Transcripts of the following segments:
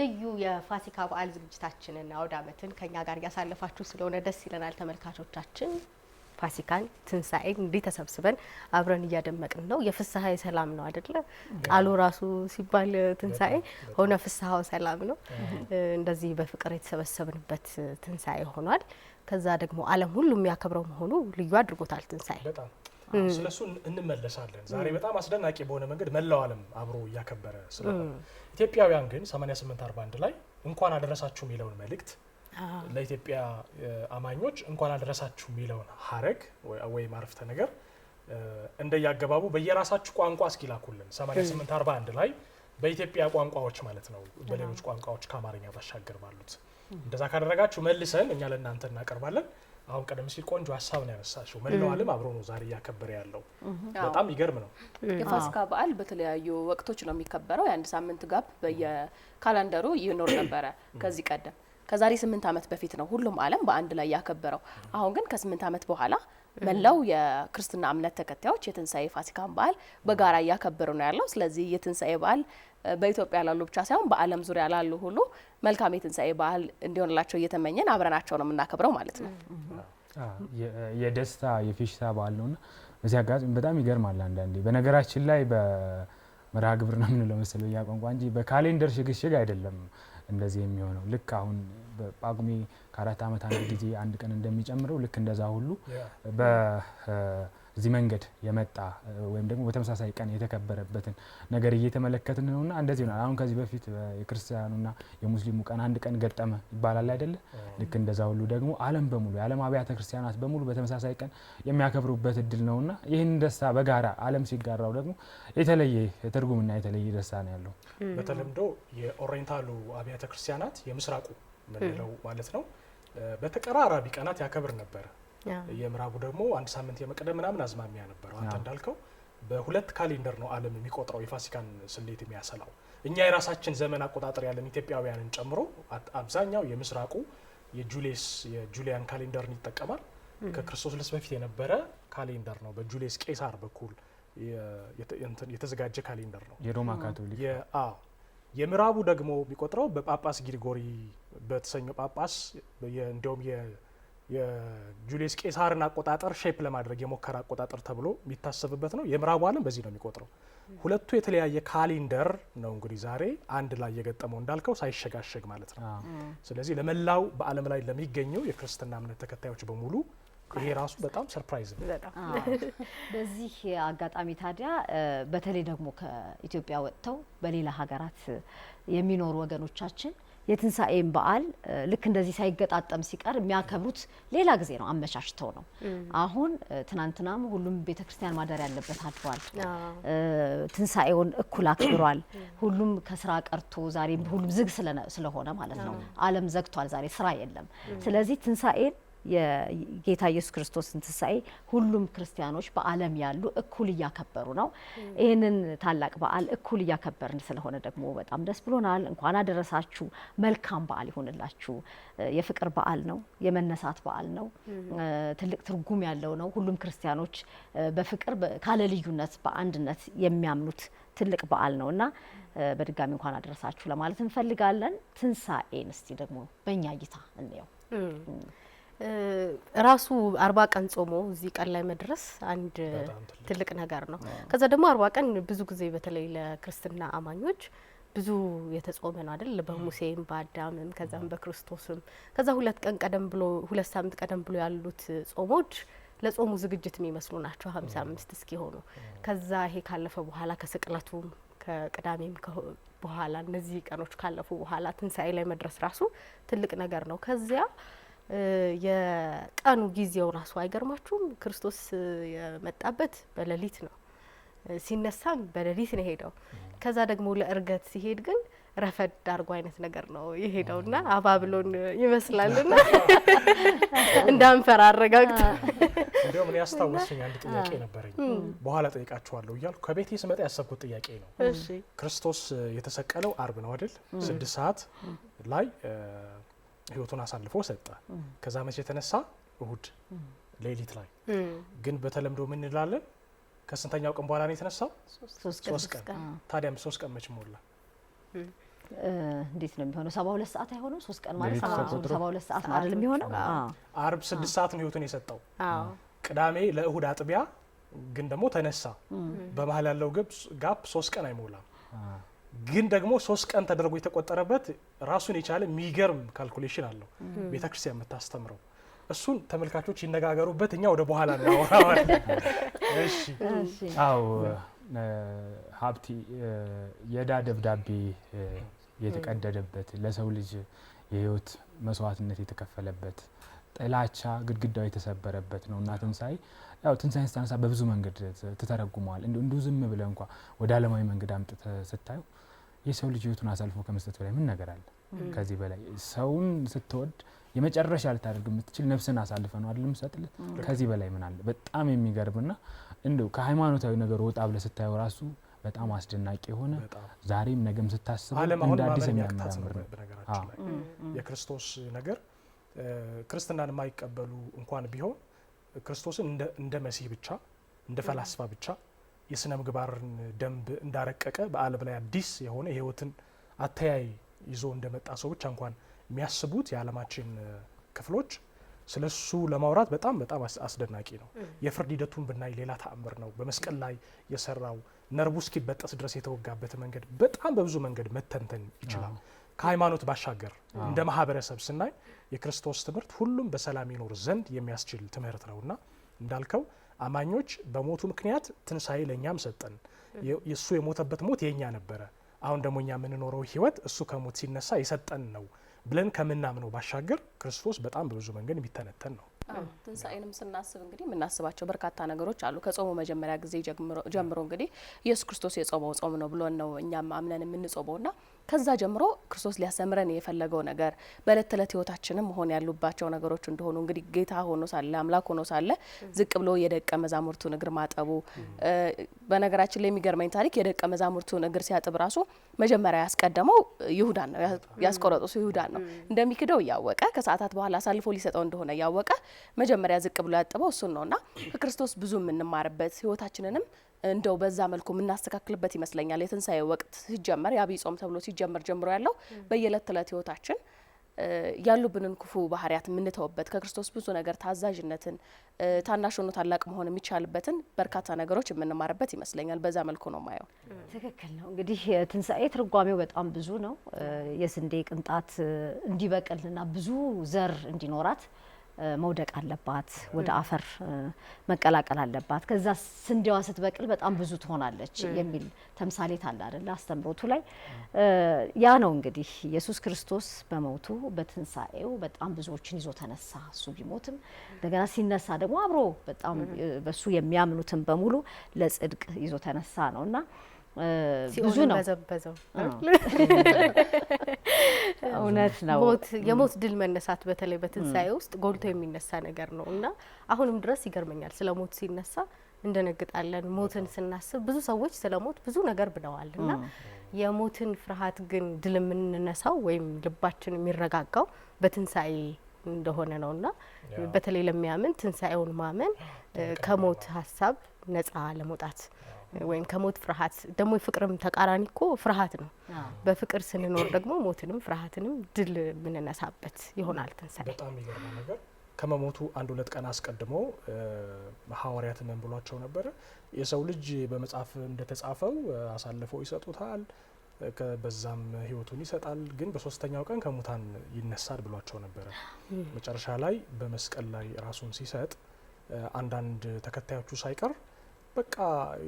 ልዩ የፋሲካ በዓል ዝግጅታችንና አውደ ዓመትን ከኛ ጋር እያሳለፋችሁ ስለሆነ ደስ ይለናል። ተመልካቾቻችን ፋሲካን፣ ትንሳኤን እንዲህ ተሰብስበን አብረን እያደመቅን ነው። የፍስሀ ሰላም ነው አይደለ? ቃሉ ራሱ ሲባል ትንሳኤ ሆነ ፍስሀው ሰላም ነው። እንደዚህ በፍቅር የተሰበሰብንበት ትንሳኤ ሆኗል። ከዛ ደግሞ ዓለም ሁሉ የሚያከብረው መሆኑ ልዩ አድርጎታል ትንሳኤ ስለሱ እንመለሳለን። ዛሬ በጣም አስደናቂ በሆነ መንገድ መላው ዓለም አብሮ እያከበረ ስለሆነ ኢትዮጵያውያን ግን 8841 ላይ እንኳን አደረሳችሁ የሚለውን መልእክት ለኢትዮጵያ አማኞች እንኳን አደረሳችሁ የሚለውን ሀረግ ወይም አረፍተ ነገር እንደያገባቡ በየራሳችሁ ቋንቋ እስኪላኩልን 8841 ላይ በኢትዮጵያ ቋንቋዎች ማለት ነው። በሌሎች ቋንቋዎች ከአማርኛ ባሻገር ባሉት እንደዛ ካደረጋችሁ መልሰን እኛ ለእናንተ እናቀርባለን። አሁን ቀደም ሲል ቆንጆ ሀሳብ ነው ያነሳሽው። መላው ዓለም አብሮ ነው ዛሬ እያከበረ ያለው። በጣም ይገርም ነው። የፋሲካ በዓል በተለያዩ ወቅቶች ነው የሚከበረው። የአንድ ሳምንት ጋፕ በየካላንደሩ ይኖር ነበረ ከዚህ ቀደም። ከዛሬ ስምንት ዓመት በፊት ነው ሁሉም ዓለም በአንድ ላይ ያከበረው። አሁን ግን ከስምንት ዓመት በኋላ መላው የክርስትና እምነት ተከታዮች የትንሳኤ ፋሲካን በዓል በጋራ እያከበሩ ነው ያለው። ስለዚህ የትንሳኤ በዓል በኢትዮጵያ ላሉ ብቻ ሳይሆን በዓለም ዙሪያ ላሉ ሁሉ መልካም የትንሣኤ በዓል እንዲሆንላቸው እየተመኘን አብረናቸው ነው የምናከብረው ማለት ነው። የደስታ የፌሽታ በዓል ነውና በዚህ አጋጣሚ በጣም ይገርማል። አንዳንዴ በነገራችን ላይ በመርሃ ግብር ነው የምንለው መሰለኝ እኛ ቋንቋ እንጂ በካሌንደር ሽግሽግ አይደለም እንደዚህ የሚሆነው ልክ አሁን በጳጉሜ ከአራት ዓመት አንድ ጊዜ አንድ ቀን እንደሚጨምረው ልክ እንደዛ ሁሉ እዚህ መንገድ የመጣ ወይም ደግሞ በተመሳሳይ ቀን የተከበረበትን ነገር እየተመለከትን ነው እና እንደዚህ ይሆናል። አሁን ከዚህ በፊት የክርስቲያኑና የሙስሊሙ ቀን አንድ ቀን ገጠመ ይባላል አይደለ? ልክ እንደዛ ሁሉ ደግሞ ዓለም በሙሉ የዓለም አብያተ ክርስቲያናት በሙሉ በተመሳሳይ ቀን የሚያከብሩበት እድል ነው ነውና ይህን ደስታ በጋራ ዓለም ሲጋራው ደግሞ የተለየ ትርጉምና የተለየ ደስታ ነው ያለው። በተለምዶ የኦሪየንታሉ አብያተ ክርስቲያናት የምስራቁ ምንለው ማለት ነው በተቀራራቢ ቀናት ያከብር ነበር። የምዕራቡ ደግሞ አንድ ሳምንት የመቅደም ምናምን አዝማሚያ ነበረው። አንተ እንዳልከው በሁለት ካሌንደር ነው ዓለም የሚቆጥረው የፋሲካን ስሌት የሚያሰላው። እኛ የራሳችን ዘመን አቆጣጠር ያለን ኢትዮጵያውያንን ጨምሮ አብዛኛው የምስራቁ የጁሌስ የጁሊያን ካሌንደርን ይጠቀማል። ከክርስቶስ ልደት በፊት የነበረ ካሌንደር ነው። በጁሌስ ቄሳር በኩል የተዘጋጀ ካሌንደር ነው። የሮማ ካቶሊክ የምዕራቡ ደግሞ የሚቆጥረው በጳጳስ ግሪጎሪ በተሰኘው ጳጳስ እንዲሁም የጁሊየስ ቄሳርን አቆጣጠር ሼፕ ለማድረግ የሞከረ አቆጣጠር ተብሎ የሚታሰብበት ነው። የምዕራቡ ዓለም በዚህ ነው የሚቆጥረው። ሁለቱ የተለያየ ካሊንደር ነው እንግዲህ ዛሬ አንድ ላይ የገጠመው እንዳልከው ሳይሸጋሸግ ማለት ነው። ስለዚህ ለመላው በዓለም ላይ ለሚገኘው የክርስትና እምነት ተከታዮች በሙሉ ይሄ ራሱ በጣም ሰርፕራይዝ ነው። በዚህ አጋጣሚ ታዲያ በተለይ ደግሞ ከኢትዮጵያ ወጥተው በሌላ ሀገራት የሚኖሩ ወገኖቻችን የትንሣኤን በዓል ልክ እንደዚህ ሳይገጣጠም ሲቀር የሚያከብሩት ሌላ ጊዜ ነው፣ አመቻችተው ነው። አሁን ትናንትናም ሁሉም ቤተ ክርስቲያን ማደር ያለበት አድሯል። ትንሣኤውን እኩል አክብሯል። ሁሉም ከስራ ቀርቶ ዛሬ ሁሉም ዝግ ስለሆነ ማለት ነው፣ ዓለም ዘግቷል። ዛሬ ስራ የለም። ስለዚህ ትንሣኤን የጌታ ኢየሱስ ክርስቶስን ትንሣኤ ሁሉም ክርስቲያኖች በዓለም ያሉ እኩል እያከበሩ ነው። ይህንን ታላቅ በዓል እኩል እያከበርን ስለሆነ ደግሞ በጣም ደስ ብሎናል። እንኳን አደረሳችሁ። መልካም በዓል ይሆንላችሁ። የፍቅር በዓል ነው። የመነሳት በዓል ነው። ትልቅ ትርጉም ያለው ነው። ሁሉም ክርስቲያኖች በፍቅር ካለ ልዩነት በአንድነት የሚያምኑት ትልቅ በዓል ነው እና በድጋሚ እንኳን አደረሳችሁ ለማለት እንፈልጋለን። ትንሣኤን እስቲ ደግሞ በእኛ እይታ እንየው። ራሱ አርባ ቀን ጾሞ እዚህ ቀን ላይ መድረስ አንድ ትልቅ ነገር ነው። ከዛ ደግሞ አርባ ቀን ብዙ ጊዜ በተለይ ለክርስትና አማኞች ብዙ የተጾመ ነው አይደል? በሙሴም በአዳምም ከዛም በክርስቶስም ከዛ ሁለት ቀን ቀደም ብሎ ሁለት ሳምንት ቀደም ብሎ ያሉት ጾሞች ለጾሙ ዝግጅት የሚመስሉ ናቸው። ሀምሳ አምስት እስኪሆኑ ከዛ ይሄ ካለፈ በኋላ ከስቅለቱም ከቅዳሜም በኋላ እነዚህ ቀኖች ካለፉ በኋላ ትንሳኤ ላይ መድረስ ራሱ ትልቅ ነገር ነው። ከዚያ የቀኑ ጊዜው ራሱ አይገርማችሁም? ክርስቶስ የመጣበት በሌሊት ነው። ሲነሳም በሌሊት ነው የሄደው። ከዛ ደግሞ ለእርገት ሲሄድ ግን ረፈድ አድርጎ አይነት ነገር ነው የሄደው ና አባብሎን ይመስላል ና እንዳንፈራ አረጋግጥ። እንዲሁም እኔ ያስታወሰኝ አንድ ጥያቄ ነበረኝ፣ በኋላ ጠይቃችኋለሁ እያልኩ ከቤቴ ስመጣ ያሰብኩት ጥያቄ ነው። ክርስቶስ የተሰቀለው አርብ ነው አይደል? ስድስት ሰዓት ላይ ህይወቱን አሳልፎ ሰጠ። ከዛ መቼ የተነሳ እሁድ ሌሊት ላይ ግን በተለምዶ ምን እንላለን? ከስንተኛው ቀን በኋላ ነው የተነሳው? ሶስት ቀን። ታዲያም ሶስት ቀን መች ሞላ? እንዴት ነው የሚሆነው? ሰባ ሁለት ሰዓት አይሆነው? ሶስት ቀን ማለት ሰባ ሁለት ሰዓት አይደል የሚሆነው? አርብ ስድስት ሰዓት ነው ህይወቱን የሰጠው። ቅዳሜ ለእሁድ አጥቢያ ግን ደግሞ ተነሳ። በመሀል ያለው ጋፕ ሶስት ቀን አይሞላም። ግን ደግሞ ሶስት ቀን ተደርጎ የተቆጠረበት ራሱን የቻለ የሚገርም ካልኩሌሽን አለው ቤተክርስቲያን የምታስተምረው። እሱን ተመልካቾች ይነጋገሩበት፣ እኛ ወደ በኋላ እናወራዋለን። አዎ ሀብቲ፣ የዕዳ ደብዳቤ የተቀደደበት ለሰው ልጅ የህይወት መስዋዕትነት የተከፈለበት ጥላቻ ግድግዳው የተሰበረበት ነው እና ትንሳኤ ያው ትንሳኤን ስታነሳ በብዙ መንገድ ትተረጉመዋል። እንዲሁ ዝም ብለ እንኳ ወደ አለማዊ መንገድ አምጥተ ስታዩ የሰው ልጅ ህይወቱን አሳልፎ ከመስጠት በላይ ምን ነገር አለ? ከዚህ በላይ ሰውን ስትወድ የመጨረሻ ልታደርግ የምትችል ነፍስን አሳልፈ ነው አይደለም ሰጥል። ከዚህ በላይ ምን አለ? በጣም የሚገርምና እንደው ከሃይማኖታዊ ነገር ወጣ ብለ ስታየው ራሱ በጣም አስደናቂ የሆነ ዛሬም ነገም ስታስብ እንደ አዲስ የሚያምር የክርስቶስ ነገር ክርስትናን የማይቀበሉ እንኳን ቢሆን ክርስቶስን እንደ መሲህ ብቻ እንደ ፈላስፋ ብቻ የስነ ምግባርን ደንብ እንዳረቀቀ በዓለም ላይ አዲስ የሆነ የህይወትን አተያይ ይዞ እንደመጣ ሰው ብቻ እንኳን የሚያስቡት የዓለማችን ክፍሎች ስለ እሱ ለማውራት በጣም በጣም አስደናቂ ነው። የፍርድ ሂደቱን ብናይ ሌላ ተአምር ነው። በመስቀል ላይ የሰራው ነርቡ እስኪበጠስ ድረስ የተወጋበት መንገድ በጣም በብዙ መንገድ መተንተን ይችላል። ከሃይማኖት ባሻገር እንደ ማህበረሰብ ስናይ የክርስቶስ ትምህርት ሁሉም በሰላም ይኖር ዘንድ የሚያስችል ትምህርት ነውና እንዳልከው አማኞች በሞቱ ምክንያት ትንሳኤ ለእኛም ሰጠን። እሱ የሞተበት ሞት የእኛ ነበረ። አሁን ደግሞ እኛ የምንኖረው ህይወት እሱ ከሞት ሲነሳ የሰጠን ነው ብለን ከምናምነው ባሻገር ክርስቶስ በጣም በብዙ መንገድ የሚተነተን ነው። ትንሳኤንም ስናስብ እንግዲህ የምናስባቸው በርካታ ነገሮች አሉ። ከጾሙ መጀመሪያ ጊዜ ጀምሮ እንግዲህ ኢየሱስ ክርስቶስ የጾመው ጾም ነው ብሎን ነው እኛም አምነን የምንጾመው ና ከዛ ጀምሮ ክርስቶስ ሊያሰምረን የፈለገው ነገር በእለት ተዕለት ህይወታችንም መሆን ያሉባቸው ነገሮች እንደሆኑ እንግዲህ ጌታ ሆኖ ሳለ አምላክ ሆኖ ሳለ ዝቅ ብሎ የደቀ መዛሙርቱን እግር ማጠቡ፣ በነገራችን ላይ የሚገርመኝ ታሪክ የደቀ መዛሙርቱን እግር ሲያጥብ ራሱ መጀመሪያ ያስቀደመው ይሁዳን ነው፣ ያስቆረጠሱ ይሁዳን ነው። እንደሚክደው እያወቀ ከሰዓታት በኋላ አሳልፎ ሊሰጠው እንደሆነ እያወቀ መጀመሪያ ዝቅ ብሎ ያጥበው እሱን ነውና ከክርስቶስ ብዙ የምንማርበት ህይወታችንንም እንደው በዛ መልኩ የምናስተካክልበት ይመስለኛል። የትንሳኤ ወቅት ሲጀመር የአብይ ጾም ተብሎ ሲጀመር ጀምሮ ያለው በየዕለት ተዕለት ህይወታችን ያሉብንን ክፉ ባህሪያት የምንተውበት ከክርስቶስ ብዙ ነገር ታዛዥነትን፣ ታናሽ ሆኖ ታላቅ መሆን የሚቻልበትን በርካታ ነገሮች የምንማርበት ይመስለኛል። በዛ መልኩ ነው ማየው። ትክክል ነው። እንግዲህ ትንሣኤ ትርጓሜው በጣም ብዙ ነው። የስንዴ ቅንጣት እንዲበቅልና ብዙ ዘር እንዲኖራት መውደቅ አለባት፣ ወደ አፈር መቀላቀል አለባት። ከዛ ስንዴዋ ስትበቅል በጣም ብዙ ትሆናለች የሚል ተምሳሌት አለ አይደለ? አስተምሮቱ ላይ ያ ነው እንግዲህ ኢየሱስ ክርስቶስ በመውቱ በትንሳኤው በጣም ብዙዎችን ይዞ ተነሳ። እሱ ቢሞትም እንደገና ሲነሳ ደግሞ አብሮ በጣም በሱ የሚያምኑትን በሙሉ ለጽድቅ ይዞ ተነሳ ነውና ብዙ ነው። በዘበዘው እውነት ነው። የሞት ድል መነሳት በተለይ በትንሳኤ ውስጥ ጎልቶ የሚነሳ ነገር ነው እና አሁንም ድረስ ይገርመኛል ስለ ሞት ሲነሳ እንደነግጣለን። ሞትን ስናስብ ብዙ ሰዎች ስለ ሞት ብዙ ነገር ብለዋል እና የሞትን ፍርሃት ግን ድል የምንነሳው ወይም ልባችን የሚረጋጋው በትንሳኤ እንደሆነ ነው እና በተለይ ለሚያምን ትንሳኤውን ማመን ከሞት ሀሳብ ነጻ ለመውጣት ወይም ከሞት ፍርሃት ደግሞ የፍቅርም ተቃራኒ እኮ ፍርሃት ነው። በፍቅር ስንኖር ደግሞ ሞትንም ፍርሃትንም ድል የምንነሳበት ይሆናል። ትንሳኤ በጣም የሚገርመው ነገር ከመሞቱ አንድ ሁለት ቀን አስቀድሞ ሐዋርያት ምን ብሏቸው ነበረ? የሰው ልጅ በመጽሐፍ እንደተጻፈው አሳልፈው ይሰጡታል፣ በዛም ህይወቱን ይሰጣል፣ ግን በሶስተኛው ቀን ከሙታን ይነሳል ብሏቸው ነበረ። መጨረሻ ላይ በመስቀል ላይ ራሱን ሲሰጥ አንዳንድ ተከታዮቹ ሳይቀር በቃ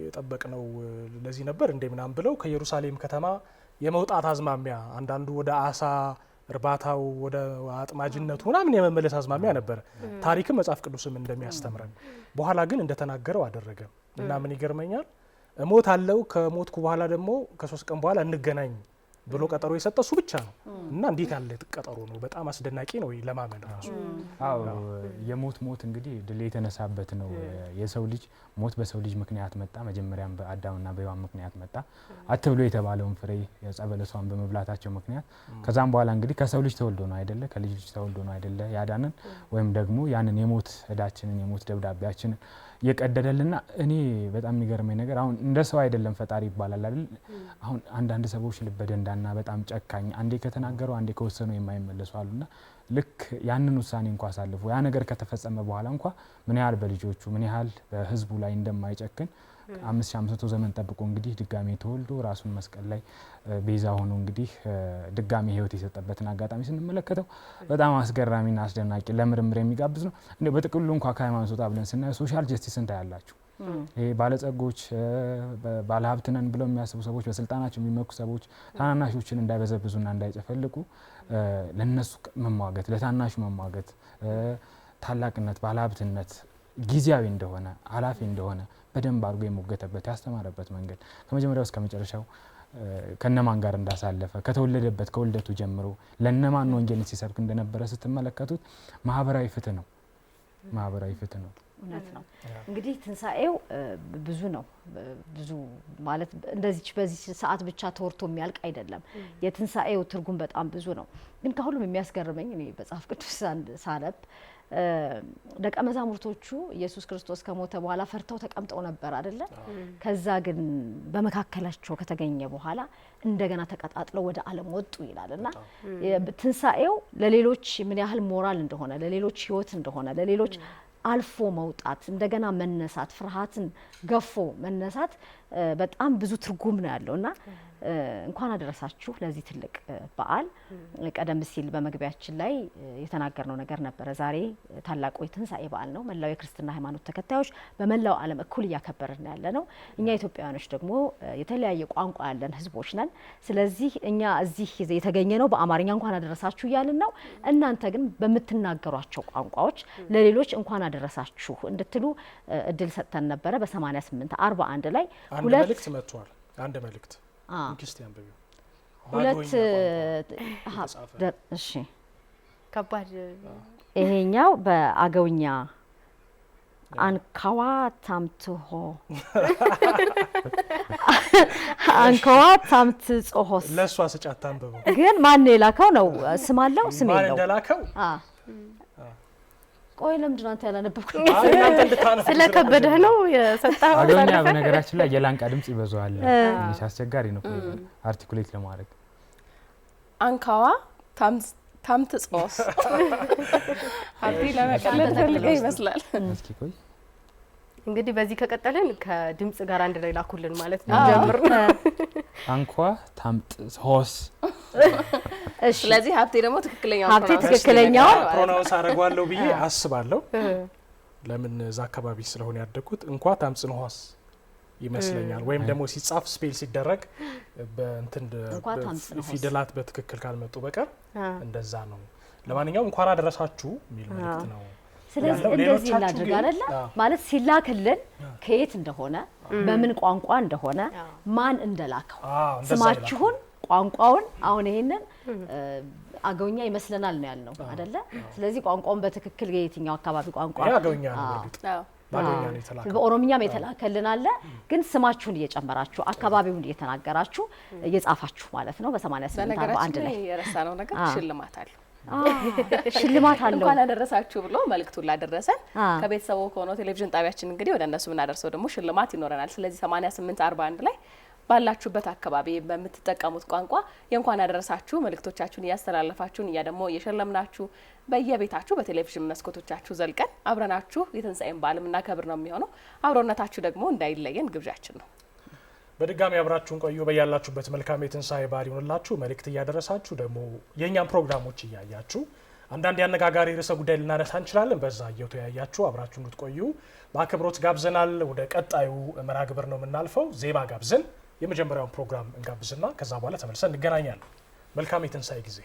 የጠበቅነው ለዚህ ነበር እንደ ምናምን ብለው ከኢየሩሳሌም ከተማ የመውጣት አዝማሚያ አንዳንዱ ወደ አሳ እርባታው ወደ አጥማጅነቱ ምናምን የመመለስ አዝማሚያ ነበረ። ታሪክም መጽሐፍ ቅዱስም እንደሚያስተምረን በኋላ ግን እንደተናገረው አደረገ እና ምን ይገርመኛል እሞት አለው ከሞትኩ በኋላ ደግሞ ከሶስት ቀን በኋላ እንገናኝ ብሎ ቀጠሮ የሰጠ እሱ ብቻ ነው እና እንዴት ያለ ቀጠሮ ነው! በጣም አስደናቂ ነው ለማመን ራሱ። አዎ የሞት ሞት እንግዲህ ድል የተነሳበት ነው። የሰው ልጅ ሞት በሰው ልጅ ምክንያት መጣ። መጀመሪያም በአዳምና በሔዋን ምክንያት መጣ። አትብሎ የተባለውን ፍሬ ዕፀ በለሷን በመብላታቸው ምክንያት ከዛም በኋላ እንግዲህ ከሰው ልጅ ተወልዶ ነው አይደለ? ከልጅ ልጅ ተወልዶ ነው አይደለ? ያዳንን ወይም ደግሞ ያንን የሞት እዳችንን የሞት ደብዳቤያችንን የቀደደልና እኔ በጣም የሚገርመኝ ነገር አሁን እንደ ሰው አይደለም ፈጣሪ ይባላል አይደል? አሁን አንዳንድ ሰዎች ልበ ደንዳና ጨካኝና በጣም ጨካኝ አንዴ ከተናገሩ አንዴ ከወሰኑ የማይመለሱ አሉና ልክ ያንን ውሳኔ እንኳ አሳልፎ ያ ነገር ከተፈጸመ በኋላ እንኳ ምን ያህል በልጆቹ ምን ያህል በህዝቡ ላይ እንደማይጨክን አምስት ሺ አምስት መቶ ዘመን ጠብቆ እንግዲህ ድጋሜ ተወልዶ ራሱን መስቀል ላይ ቤዛ ሆኖ እንግዲህ ድጋሜ ህይወት የሰጠበትን አጋጣሚ ስንመለከተው በጣም አስገራሚና አስደናቂ ለምርምር የሚጋብዝ ነው። እንዲያው በጥቅሉ እንኳ ከሃይማኖት ወጣ ብለን ስናየው ሶሻል ጀስቲስ እንታያላችሁ ይሄ ባለጸጎች ባለሀብትነን ብለው የሚያስቡ ሰዎች፣ በስልጣናቸው የሚመኩ ሰዎች ታናናሾችን እንዳይበዘብዙና እንዳይጨፈልቁ ለነሱ መሟገት፣ ለታናሹ መሟገት ታላቅነት ባለሀብትነት ጊዜያዊ እንደሆነ አላፊ እንደሆነ በደንብ አድርጎ የሞገተበት ያስተማረበት መንገድ ከመጀመሪያው እስከ መጨረሻው ከነማን ጋር እንዳሳለፈ ከተወለደበት ከውልደቱ ጀምሮ ለነማን ወንጌልን ሲሰብክ እንደነበረ ስትመለከቱት ማህበራዊ ፍትህ ነው። ማህበራዊ ፍትህ ነው። እውነት ነው። እንግዲህ ትንሣኤው ብዙ ነው። ብዙ ማለት እንደዚች በዚህ ሰዓት ብቻ ተወርቶ የሚያልቅ አይደለም። የትንሣኤው ትርጉም በጣም ብዙ ነው። ግን ከሁሉም የሚያስገርመኝ እኔ መጽሐፍ ቅዱስ ሳነብ ደቀ መዛሙርቶቹ ኢየሱስ ክርስቶስ ከሞተ በኋላ ፈርተው ተቀምጠው ነበር አደለ? ከዛ ግን በመካከላቸው ከተገኘ በኋላ እንደገና ተቀጣጥለው ወደ ዓለም ወጡ ይላል እና ትንሣኤው ለሌሎች ምን ያህል ሞራል እንደሆነ፣ ለሌሎች ህይወት እንደሆነ፣ ለሌሎች አልፎ መውጣት እንደገና መነሳት ፍርሃትን ገፎ መነሳት በጣም ብዙ ትርጉም ነው ያለው እና እንኳን አደረሳችሁ ለዚህ ትልቅ በዓል። ቀደም ሲል በመግቢያችን ላይ የተናገርነው ነገር ነበረ። ዛሬ ታላቁ የትንሳኤ በዓል ነው። መላው የክርስትና ሃይማኖት ተከታዮች በመላው ዓለም እኩል እያከበርን ያለ ነው። እኛ ኢትዮጵያውያኖች ደግሞ የተለያየ ቋንቋ ያለን ህዝቦች ነን። ስለዚህ እኛ እዚህ የተገኘ ነው በአማርኛ እንኳን አደረሳችሁ እያልን ነው። እናንተ ግን በምትናገሯቸው ቋንቋዎች ለሌሎች እንኳን አደረሳችሁ እንድትሉ እድል ሰጥተን ነበረ። በ88 41 ላይ ሁለት መልእክት መጥቷል። አንድ መልእክት ክርስቲያን በሚሆን ሁለት እሺ፣ ከባድ ይሄኛው በአገውኛ ታምትሆ ታምት ለእሷ ስጫት ግን ማን የላከው ነው? ስም አለው ስም የለው ቆይ ለምንድን ነው አንተ ያላነበብኩት? ስለከበደህ ነው የሰጠኸው። አገውኛ በነገራችን ላይ የላንቃ ድምጽ ይበዛዋል። ትንሽ አስቸጋሪ ነው አርቲኩሌት ለማድረግ። አንካዋ ታምት ጽፎስ አብዲ ለመቀለል ፈልገ ይመስላል። እስኪ ቆይ እንግዲህ በዚህ ከቀጠልን ከድምጽ ጋር አንድ ላይ ላኩልን ማለት ነው። ጀምር አንኳ ታምጥ ሆስ ስለዚህ ሀብቴ ደግሞ ትክክለኛው ሀብቴ ትክክለኛው ፕሮናውንስ አደርገዋለሁ ብዬ አስባለሁ። ለምን እዛ አካባቢ ስለሆነ ያደግኩት እንኳ ታምጽን ይመስለኛል ወይም ደግሞ ሲጻፍ ስፔል ሲደረግ በእንትን ፊደላት በትክክል ካልመጡ በቀር እንደዛ ነው። ለማንኛውም እንኳን አደረሳችሁ የሚል መልእክት ነው። ስለዚህ እንደዚህ እናድርግ አይደለ ማለት ሲላክልን ከየት እንደሆነ በምን ቋንቋ እንደሆነ ማን እንደላከው ስማችሁን፣ ቋንቋውን አሁን ይሄንን አገውኛ ይመስለናል ነው ያልነው አይደለ? ስለዚህ ቋንቋውን በትክክል የትኛው አካባቢ ቋንቋ አገውኛ ነው በኦሮምኛም የተላከልን አለ። ግን ስማችሁን እየጨመራችሁ አካባቢውን እየተናገራችሁ እየጻፋችሁ ማለት ነው። በሰማንያ ስምንት አርባ አንድ ላይ የረሳ ነው ነገር ሽልማት አለ ሽልማት አለው። እንኳን አደረሳችሁ ብሎ መልእክቱን ላደረሰን ከቤተሰቡ ከሆነው ቴሌቪዥን ጣቢያችን እንግዲህ ወደ እነሱ የምናደርሰው ደግሞ ሽልማት ይኖረናል። ስለዚህ 8841 ላይ ባላችሁበት አካባቢ በምትጠቀሙት ቋንቋ የእንኳን አደረሳችሁ መልእክቶቻችሁን እያስተላለፋችሁን እያ ደግሞ እየሸለምናችሁ በየቤታችሁ በቴሌቪዥን መስኮቶቻችሁ ዘልቀን አብረናችሁ የትንሳኤን በዓል የምናከብር ነው የሚሆነው። አብሮነታችሁ ደግሞ እንዳይለየን ግብዣችን ነው። በድጋሚ አብራችሁን ቆዩ። በያላችሁበት መልካም የትንሳኤ በዓል ይሆንላችሁ። መልእክት እያደረሳችሁ ደግሞ የእኛን ፕሮግራሞች እያያችሁ አንዳንድ የአነጋጋሪ ርዕሰ ጉዳይ ልናነሳ እንችላለን። በዛ እየተወያያችሁ አብራችሁ እንድትቆዩ በአክብሮት ጋብዘናል። ወደ ቀጣዩ መርሃ ግብር ነው የምናልፈው። ዜማ ጋብዘን የመጀመሪያውን ፕሮግራም እንጋብዝና ከዛ በኋላ ተመልሰን እንገናኛለን። መልካም የትንሳኤ ጊዜ